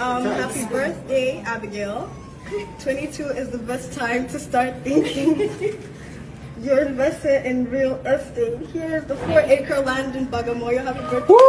um, happy birthday, Abigail. 22 is the best time to start thinking. You're invested in real estate. Here's the four acre land in Bagamoyo. Happy birthday.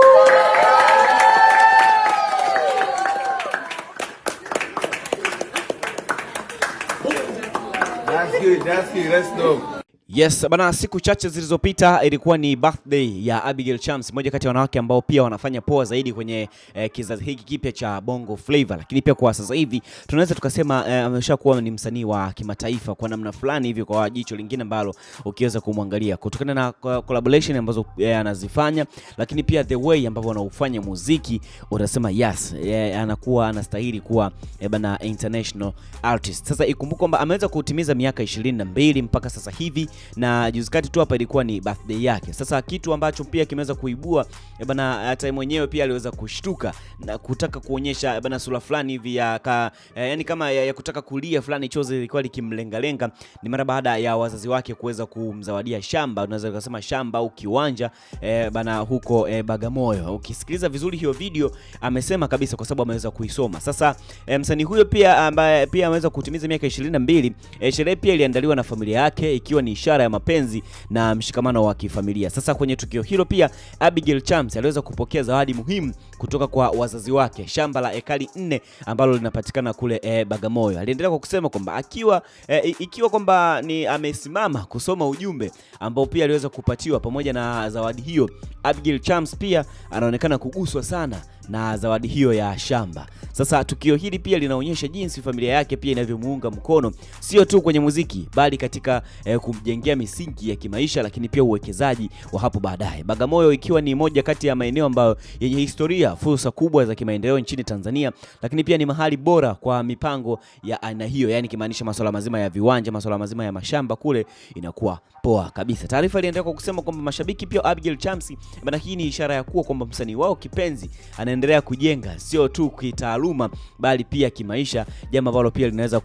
That's good, that's good, that's dope. Yes, bana, siku chache zilizopita ilikuwa ni birthday ya Abigail Chams, moja kati ya wanawake ambao pia wanafanya poa zaidi kwenye eh, kizazi hiki kipya cha Bongo Flava, lakini pia kwa sasa hivi tunaweza tukasema eh, ameshakuwa ni msanii wa kimataifa kwa namna fulani hivyo, kwa jicho lingine ambalo ukiweza kumwangalia kutokana na collaboration ambazo eh, anazifanya, lakini pia the way ambavyo anaufanya muziki utasema yes, eh, anakuwa anastahili kuwa eh, bana international artist. Sasa ikumbuke kwamba ameweza kutimiza miaka 22 mpaka sasa hivi na juzi kati tu hapa ilikuwa ni birthday yake. Sasa kitu ambacho pia kimeweza kuibua eh, bana, hata mwenyewe pia aliweza kushtuka na kutaka kuonyesha eh, bana sura fulani hivi ya ka, eh, yani kama ya, ya kutaka kulia fulani, chozi lilikuwa likimlengalenga. Ni mara baada ya wazazi wake kuweza kumzawadia shamba, unaweza kusema shamba au kiwanja eh, bana huko eh, Bagamoyo. Ukisikiliza vizuri hiyo video amesema kabisa, kwa sababu ameweza kuisoma. Sasa eh, msanii huyo pia ambaye pia ameweza kutimiza miaka 22 eh, sherehe pia iliandaliwa na familia yake ikiwa ni ishara ya mapenzi na mshikamano wa kifamilia. Sasa kwenye tukio hilo pia Abigail Chams aliweza kupokea zawadi muhimu kutoka kwa wazazi wake, shamba la ekari nne ambalo linapatikana kule e, Bagamoyo. Aliendelea kwa kusema kwamba akiwa e, ikiwa kwamba ni amesimama kusoma ujumbe ambao pia aliweza kupatiwa pamoja na zawadi hiyo, Abigail Chams pia anaonekana kuguswa sana na zawadi hiyo ya shamba. Sasa tukio hili pia linaonyesha jinsi familia yake pia inavyomuunga mkono sio tu kwenye muziki bali katika eh, kumjengea misingi ya kimaisha, lakini pia uwekezaji wa hapo baadaye. Bagamoyo ikiwa ni moja kati ya maeneo ambayo yenye historia, fursa kubwa za kimaendeleo nchini Tanzania, lakini pia ni mahali bora kwa mipango ya aina hiyo, yani kimaanisha masuala mazima ya viwanja, masuala mazima ya mashamba kule inakuwa poa kabisa. Taarifa iliendelea kwa kusema kwamba mashabiki pia Abigail Chamsi, maana hii ni ishara ya kuwa kwamba msanii wao kipenzi ana kuendelea kujenga sio tu kitaaluma, bali pia kimaisha, jambo ambalo pia linaweza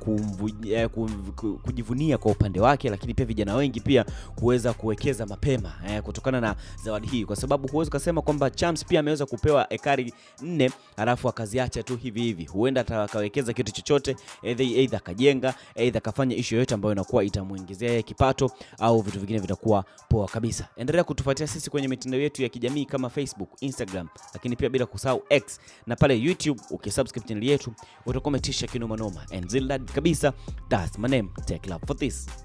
eh, kujivunia kwa upande wake, lakini pia vijana wengi pia kuweza kuwekeza mapema eh, kutokana na zawadi hii, kwa sababu huwezi ukasema kwamba Champs pia ameweza kupewa ekari nne alafu akaziacha tu hivi hivi, huenda akawekeza kitu chochote, aidha akajenga, aidha akafanya ishu yoyote ambayo inakuwa itamuingizia kipato au vitu vingine vitakuwa poa kabisa. Endelea kutufuatia sisi kwenye mitandao yetu ya kijamii kama Facebook, Instagram, lakini pia bila kusahau X na pale YouTube ukisubscribe channel yetu utakometisha umetisha kinoma noma. And kabisa that's my name. Take love for this.